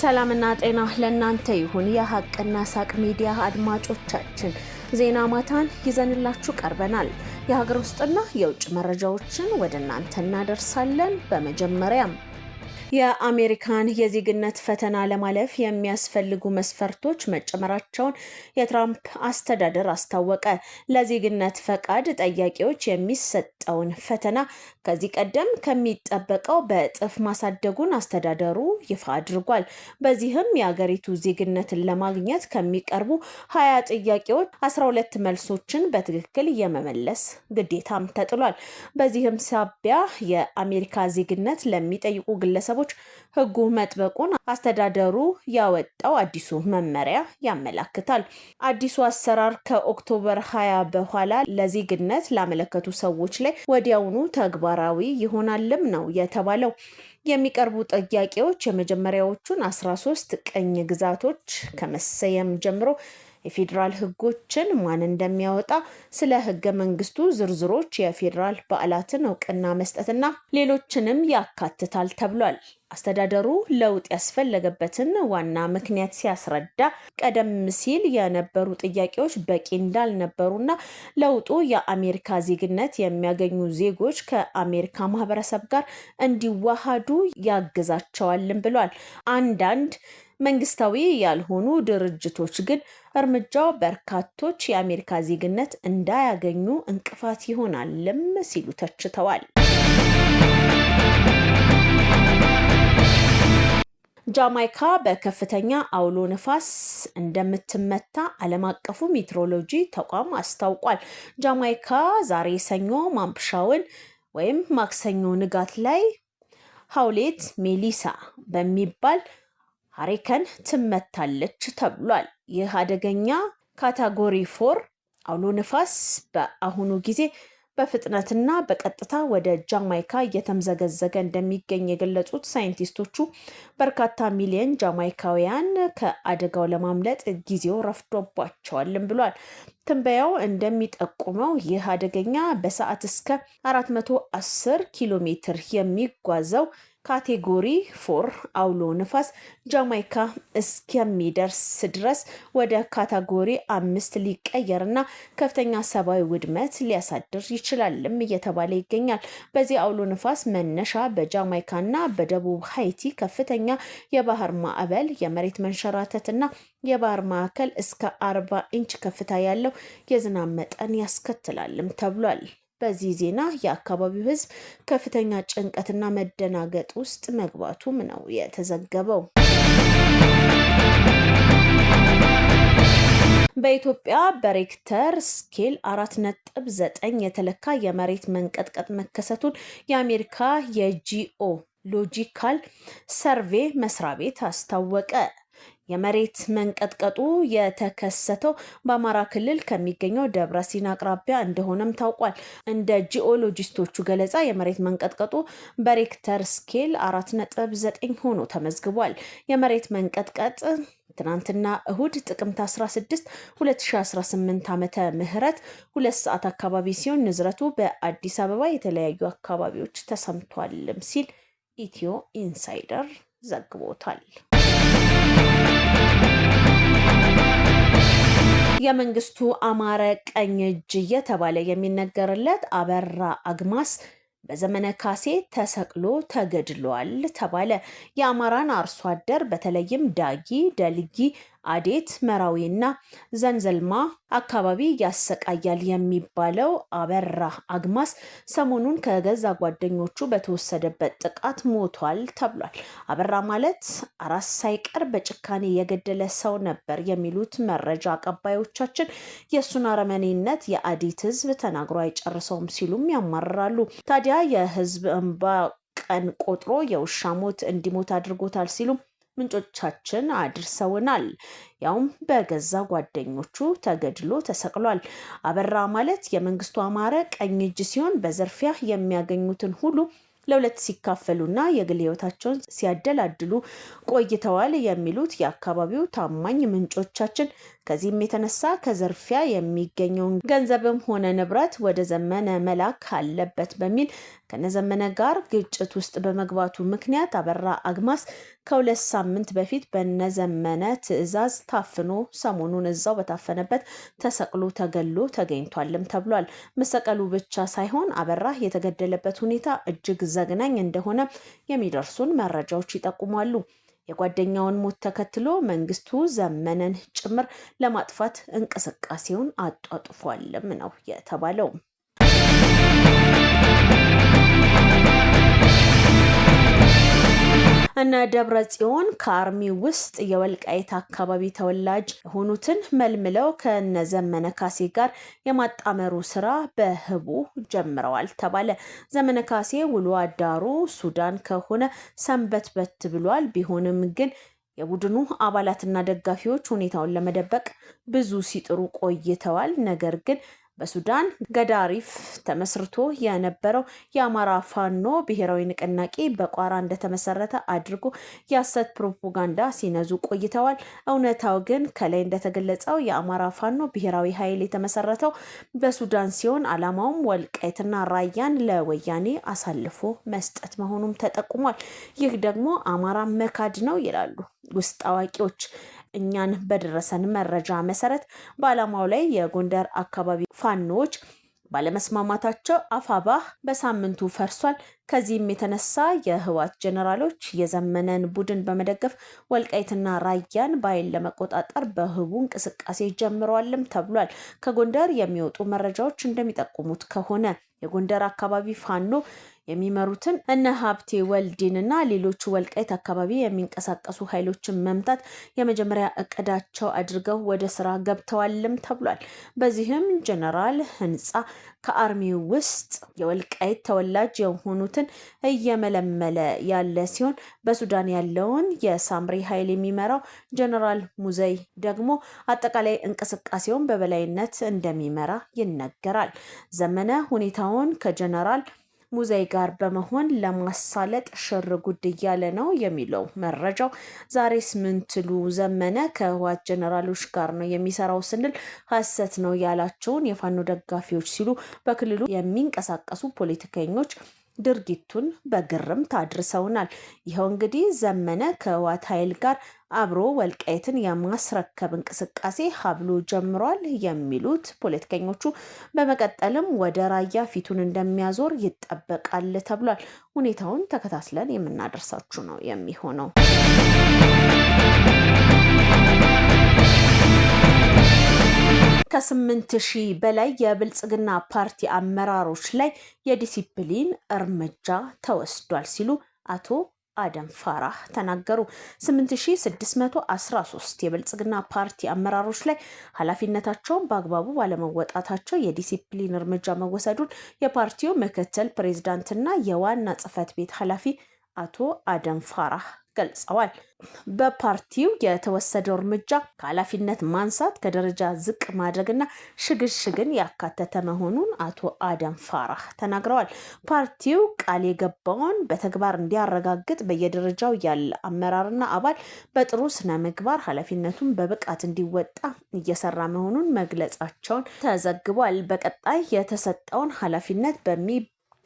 ሰላምና ጤና ለእናንተ ይሁን። የሀቅና ሳቅ ሚዲያ አድማጮቻችን ዜና ማታን ይዘንላችሁ ቀርበናል። የሀገር ውስጥና የውጭ መረጃዎችን ወደ እናንተ እናደርሳለን። በመጀመሪያም የአሜሪካን የዜግነት ፈተና ለማለፍ የሚያስፈልጉ መስፈርቶች መጨመራቸውን የትራምፕ አስተዳደር አስታወቀ። ለዜግነት ፈቃድ ጠያቂዎች የሚሰጠውን ፈተና ከዚህ ቀደም ከሚጠበቀው በእጥፍ ማሳደጉን አስተዳደሩ ይፋ አድርጓል። በዚህም የአገሪቱ ዜግነትን ለማግኘት ከሚቀርቡ ሀያ ጥያቄዎች አስራ ሁለት መልሶችን በትክክል የመመለስ ግዴታም ተጥሏል። በዚህም ሳቢያ የአሜሪካ ዜግነት ለሚጠይቁ ግለሰቦች ግለሰቦች ህጉ መጥበቁን አስተዳደሩ ያወጣው አዲሱ መመሪያ ያመላክታል። አዲሱ አሰራር ከኦክቶበር ሀያ በኋላ ለዜግነት ላመለከቱ ሰዎች ላይ ወዲያውኑ ተግባራዊ ይሆናልም ነው የተባለው። የሚቀርቡ ጥያቄዎች የመጀመሪያዎቹን አስራ ሶስት ቅኝ ግዛቶች ከመሰየም ጀምሮ የፌዴራል ህጎችን ማን እንደሚያወጣ፣ ስለ ህገ መንግስቱ ዝርዝሮች፣ የፌዴራል በዓላትን እውቅና መስጠትና ሌሎችንም ያካትታል ተብሏል። አስተዳደሩ ለውጥ ያስፈለገበትን ዋና ምክንያት ሲያስረዳ ቀደም ሲል የነበሩ ጥያቄዎች በቂ እንዳልነበሩና ለውጡ የአሜሪካ ዜግነት የሚያገኙ ዜጎች ከአሜሪካ ማህበረሰብ ጋር እንዲዋሃዱ ያግዛቸዋልን ብሏል። አንዳንድ መንግስታዊ ያልሆኑ ድርጅቶች ግን እርምጃው በርካቶች የአሜሪካ ዜግነት እንዳያገኙ እንቅፋት ይሆናልም ሲሉ ተችተዋል። ጃማይካ በከፍተኛ አውሎ ነፋስ እንደምትመታ ዓለም አቀፉ ሜትሮሎጂ ተቋም አስታውቋል። ጃማይካ ዛሬ ሰኞ ማምሻውን ወይም ማክሰኞ ንጋት ላይ ሀውሌት ሜሊሳ በሚባል ሀሪከን ትመታለች ተብሏል። ይህ አደገኛ ካታጎሪ ፎር አውሎ ንፋስ በአሁኑ ጊዜ በፍጥነትና በቀጥታ ወደ ጃማይካ እየተምዘገዘገ እንደሚገኝ የገለጹት ሳይንቲስቶቹ በርካታ ሚሊዮን ጃማይካውያን ከአደጋው ለማምለጥ ጊዜው ረፍዶባቸዋልም ብሏል። ትንበያው እንደሚጠቁመው ይህ አደገኛ በሰዓት እስከ 410 ኪሎ ሜትር የሚጓዘው ካቴጎሪ ፎር አውሎ ንፋስ ጃማይካ እስከሚደርስ ድረስ ወደ ካታጎሪ አምስት ሊቀየርና ከፍተኛ ሰብአዊ ውድመት ሊያሳድር ይችላልም እየተባለ ይገኛል። በዚህ አውሎ ንፋስ መነሻ በጃማይካና በደቡብ ሀይቲ ከፍተኛ የባህር ማዕበል፣ የመሬት መንሸራተትና የባህር ማዕከል እስከ አርባ ኢንች ከፍታ ያለው የዝናብ መጠን ያስከትላልም ተብሏል። በዚህ ዜና የአካባቢው ሕዝብ ከፍተኛ ጭንቀትና መደናገጥ ውስጥ መግባቱም ነው የተዘገበው። በኢትዮጵያ በሬክተር ስኬል አራት ነጥብ ዘጠኝ የተለካ የመሬት መንቀጥቀጥ መከሰቱን የአሜሪካ የጂኦ ሎጂካል ሰርቬ መስሪያ ቤት አስታወቀ። የመሬት መንቀጥቀጡ የተከሰተው በአማራ ክልል ከሚገኘው ደብረ ሲና አቅራቢያ እንደሆነም ታውቋል። እንደ ጂኦሎጂስቶቹ ገለጻ የመሬት መንቀጥቀጡ በሬክተር ስኬል አራት ነጥብ ዘጠኝ ሆኖ ተመዝግቧል። የመሬት መንቀጥቀጥ ትናንትና እሁድ ጥቅምት 16 2018 ዓመተ ምህረት ሁለት ሰዓት አካባቢ ሲሆን ንዝረቱ በአዲስ አበባ የተለያዩ አካባቢዎች ተሰምቷልም ሲል ኢትዮ ኢንሳይደር ዘግቦታል። የመንግስቱ አማረ ቀኝ እጅ እየተባለ የሚነገርለት አበራ አግማስ በዘመነ ካሴ ተሰቅሎ ተገድሏል ተባለ። የአማራን አርሶ አደር በተለይም ዳጊ፣ ደልጊ፣ አዴት፣ መራዊና ዘንዘልማ አካባቢ ያሰቃያል የሚባለው አበራ አግማስ ሰሞኑን ከገዛ ጓደኞቹ በተወሰደበት ጥቃት ሞቷል ተብሏል። አበራ ማለት አራስ ሳይቀር በጭካኔ የገደለ ሰው ነበር የሚሉት መረጃ አቀባዮቻችን የእሱን አረመኔነት የአዴት ህዝብ ተናግሮ አይጨርሰውም ሲሉም ያማርራሉ። ታዲያ የህዝብ እንባ ቀን ቆጥሮ የውሻ ሞት እንዲሞት አድርጎታል ሲሉም ምንጮቻችን አድርሰውናል። ያውም በገዛ ጓደኞቹ ተገድሎ ተሰቅሏል። አበራ ማለት የመንግስቱ አማረ ቀኝ እጅ ሲሆን በዘርፊያ የሚያገኙትን ሁሉ ለሁለት ሲካፈሉና የግል ህይወታቸውን ሲያደላድሉ ቆይተዋል የሚሉት የአካባቢው ታማኝ ምንጮቻችን ከዚህም የተነሳ ከዘርፊያ የሚገኘውን ገንዘብም ሆነ ንብረት ወደ ዘመነ መላክ አለበት በሚል ከነዘመነ ጋር ግጭት ውስጥ በመግባቱ ምክንያት አበራ አግማስ ከሁለት ሳምንት በፊት በነዘመነ ትዕዛዝ ታፍኖ ሰሞኑን እዛው በታፈነበት ተሰቅሎ ተገሎ ተገኝቷልም ተብሏል። መሰቀሉ ብቻ ሳይሆን አበራ የተገደለበት ሁኔታ እጅግ ዘግናኝ እንደሆነ የሚደርሱን መረጃዎች ይጠቁማሉ። የጓደኛውን ሞት ተከትሎ መንግስቱ ዘመነን ጭምር ለማጥፋት እንቅስቃሴውን አጧጥፏልም ነው የተባለው። እነ ደብረ ጽዮን ከአርሚ ውስጥ የወልቃይት አካባቢ ተወላጅ የሆኑትን መልምለው ከነዘመነ ካሴ ጋር የማጣመሩ ስራ በህቡ ጀምረዋል ተባለ። ዘመነ ካሴ ውሎ አዳሩ ሱዳን ከሆነ ሰንበትበት ብሏል። ቢሆንም ግን የቡድኑ አባላትና ደጋፊዎች ሁኔታውን ለመደበቅ ብዙ ሲጥሩ ቆይተዋል። ነገር ግን በሱዳን ገዳሪፍ ተመስርቶ የነበረው የአማራ ፋኖ ብሔራዊ ንቅናቄ በቋራ እንደተመሰረተ አድርጎ የሐሰት ፕሮፓጋንዳ ሲነዙ ቆይተዋል። እውነታው ግን ከላይ እንደተገለጸው የአማራ ፋኖ ብሔራዊ ኃይል የተመሰረተው በሱዳን ሲሆን ዓላማውም ወልቃይትና ራያን ለወያኔ አሳልፎ መስጠት መሆኑም ተጠቁሟል። ይህ ደግሞ አማራ መካድ ነው ይላሉ ውስጥ አዋቂዎች። እኛን በደረሰን መረጃ መሰረት በዓላማው ላይ የጎንደር አካባቢ ፋኖዎች ባለመስማማታቸው አፋባህ በሳምንቱ ፈርሷል። ከዚህም የተነሳ የህዋት ጀኔራሎች የዘመነን ቡድን በመደገፍ ወልቃይትና ራያን በኃይል ለመቆጣጠር በህቡ እንቅስቃሴ ጀምረዋልም ተብሏል። ከጎንደር የሚወጡ መረጃዎች እንደሚጠቁሙት ከሆነ የጎንደር አካባቢ ፋኖ የሚመሩትን እነ ሀብቴ ወልዴንና ሌሎች ወልቃይት አካባቢ የሚንቀሳቀሱ ኃይሎችን መምታት የመጀመሪያ እቅዳቸው አድርገው ወደ ስራ ገብተዋልም ተብሏል። በዚህም ጀነራል ህንፃ ከአርሚ ውስጥ የወልቃይት ተወላጅ የሆኑትን እየመለመለ ያለ ሲሆን በሱዳን ያለውን የሳምሪ ኃይል የሚመራው ጀነራል ሙዘይ ደግሞ አጠቃላይ እንቅስቃሴውን በበላይነት እንደሚመራ ይነገራል። ዘመነ ሁኔታውን ከጀነራል ሙዘይ ጋር በመሆን ለማሳለጥ ሽር ጉድ እያለ ነው የሚለው መረጃው። ዛሬስ ስምንትሉ ዘመነ ከህወሓት ጀነራሎች ጋር ነው የሚሰራው ስንል ሀሰት ነው ያላቸውን የፋኖ ደጋፊዎች ሲሉ በክልሉ የሚንቀሳቀሱ ፖለቲከኞች ድርጊቱን በግርምት አድርሰውናል። ይኸው እንግዲህ ዘመነ ከህወሓት ኃይል ጋር አብሮ ወልቃይትን የማስረከብ እንቅስቃሴ ሀብሎ ጀምሯል የሚሉት ፖለቲከኞቹ፣ በመቀጠልም ወደ ራያ ፊቱን እንደሚያዞር ይጠበቃል ተብሏል። ሁኔታውን ተከታትለን የምናደርሳችሁ ነው የሚሆነው። ከስምንት ሺህ በላይ የብልጽግና ፓርቲ አመራሮች ላይ የዲሲፕሊን እርምጃ ተወስዷል ሲሉ አቶ አደም ፋራህ ተናገሩ። 8613 የብልጽግና ፓርቲ አመራሮች ላይ ኃላፊነታቸውን በአግባቡ ባለመወጣታቸው የዲሲፕሊን እርምጃ መወሰዱን የፓርቲው ምክትል ፕሬዝዳንትና የዋና ጽህፈት ቤት ኃላፊ አቶ አደም ፋራህ ገልጸዋል። በፓርቲው የተወሰደው እርምጃ ከኃላፊነት ማንሳት፣ ከደረጃ ዝቅ ማድረግና ሽግሽግን ያካተተ መሆኑን አቶ አደም ፋራህ ተናግረዋል። ፓርቲው ቃል የገባውን በተግባር እንዲያረጋግጥ በየደረጃው ያለ አመራርና አባል በጥሩ ስነ ምግባር ኃላፊነቱን በብቃት እንዲወጣ እየሰራ መሆኑን መግለጻቸውን ተዘግቧል። በቀጣይ የተሰጠውን ኃላፊነት በሚ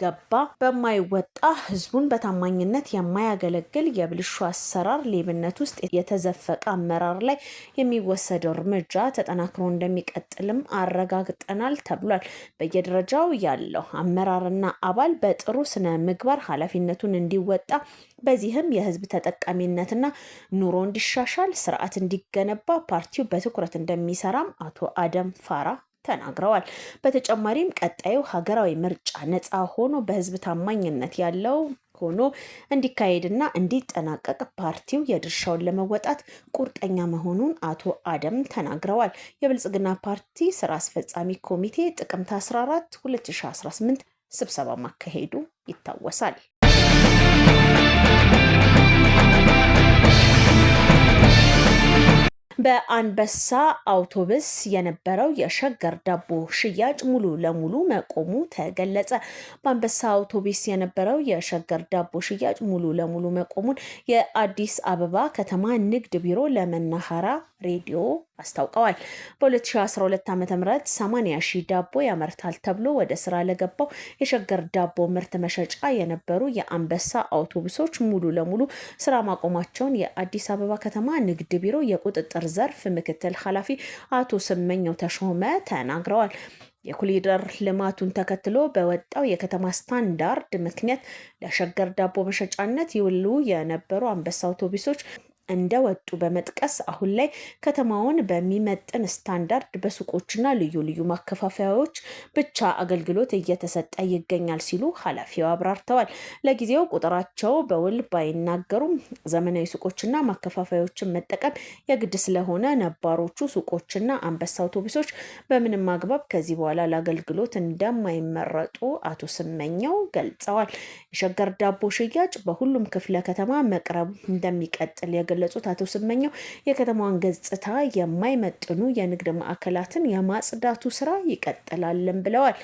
ገባ በማይወጣ ህዝቡን በታማኝነት የማያገለግል የብልሹ አሰራር ሌብነት ውስጥ የተዘፈቀ አመራር ላይ የሚወሰደው እርምጃ ተጠናክሮ እንደሚቀጥልም አረጋግጠናል ተብሏል። በየደረጃው ያለው አመራርና አባል በጥሩ ስነ ምግባር ኃላፊነቱን እንዲወጣ በዚህም የህዝብ ተጠቃሚነትና ኑሮ እንዲሻሻል ስርዓት እንዲገነባ ፓርቲው በትኩረት እንደሚሰራም አቶ አደም ፋራ ተናግረዋል። በተጨማሪም ቀጣዩ ሀገራዊ ምርጫ ነፃ ሆኖ በህዝብ ታማኝነት ያለው ሆኖ እንዲካሄድና እንዲጠናቀቅ ፓርቲው የድርሻውን ለመወጣት ቁርጠኛ መሆኑን አቶ አደም ተናግረዋል። የብልጽግና ፓርቲ ስራ አስፈጻሚ ኮሚቴ ጥቅምት 14 2018 ስብሰባ ማካሄዱ ይታወሳል። በአንበሳ አውቶብስ የነበረው የሸገር ዳቦ ሽያጭ ሙሉ ለሙሉ መቆሙ ተገለጸ። በአንበሳ አውቶብስ የነበረው የሸገር ዳቦ ሽያጭ ሙሉ ለሙሉ መቆሙን የአዲስ አበባ ከተማ ንግድ ቢሮ ለመናሃራ ሬዲዮ አስታውቀዋል። በ2012 ዓ ም 80 ሺህ ዳቦ ያመርታል ተብሎ ወደ ስራ ለገባው የሸገር ዳቦ ምርት መሸጫ የነበሩ የአንበሳ አውቶቡሶች ሙሉ ለሙሉ ስራ ማቆማቸውን የአዲስ አበባ ከተማ ንግድ ቢሮ የቁጥጥር የገጠር ዘርፍ ምክትል ኃላፊ አቶ ስመኘው ተሾመ ተናግረዋል። የኮሊደር ልማቱን ተከትሎ በወጣው የከተማ ስታንዳርድ ምክንያት ለሸገር ዳቦ መሸጫነት ይውሉ የነበሩ አንበሳ አውቶቡሶች እንደወጡ በመጥቀስ አሁን ላይ ከተማውን በሚመጥን ስታንዳርድ በሱቆችና ልዩ ልዩ ማከፋፈያዎች ብቻ አገልግሎት እየተሰጠ ይገኛል ሲሉ ኃላፊው አብራርተዋል። ለጊዜው ቁጥራቸው በውል ባይናገሩም ዘመናዊ ሱቆችና ማከፋፈያዎችን መጠቀም የግድ ስለሆነ ነባሮቹ ሱቆችና አንበሳ አውቶቡሶች በምንም አግባብ ከዚህ በኋላ ለአገልግሎት እንደማይመረጡ አቶ ስመኛው ገልጸዋል። የሸገር ዳቦ ሽያጭ በሁሉም ክፍለ ከተማ መቅረብ እንደሚቀጥል የገለጹት አቶ ስመኘው የከተማዋን ገጽታ የማይመጥኑ የንግድ ማዕከላትን የማጽዳቱ ስራ ይቀጥላለን ብለዋል።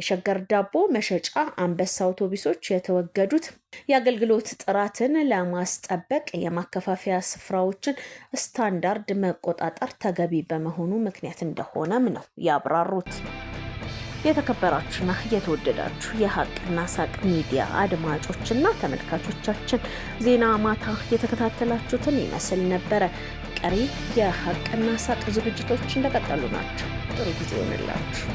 የሸገር ዳቦ መሸጫ አንበሳ አውቶቡሶች የተወገዱት የአገልግሎት ጥራትን ለማስጠበቅ የማከፋፈያ ስፍራዎችን ስታንዳርድ መቆጣጠር ተገቢ በመሆኑ ምክንያት እንደሆነም ነው ያብራሩት። የተከበራችሁና የተወደዳችሁ የሀቅና ሳቅ ሚዲያ አድማጮችና ተመልካቾቻችን ዜና ማታ የተከታተላችሁትን ይመስል ነበረ። ቀሪ የሀቅና ሳቅ ዝግጅቶች እንደቀጠሉ ናቸው። ጥሩ ጊዜ ይሆንላችሁ።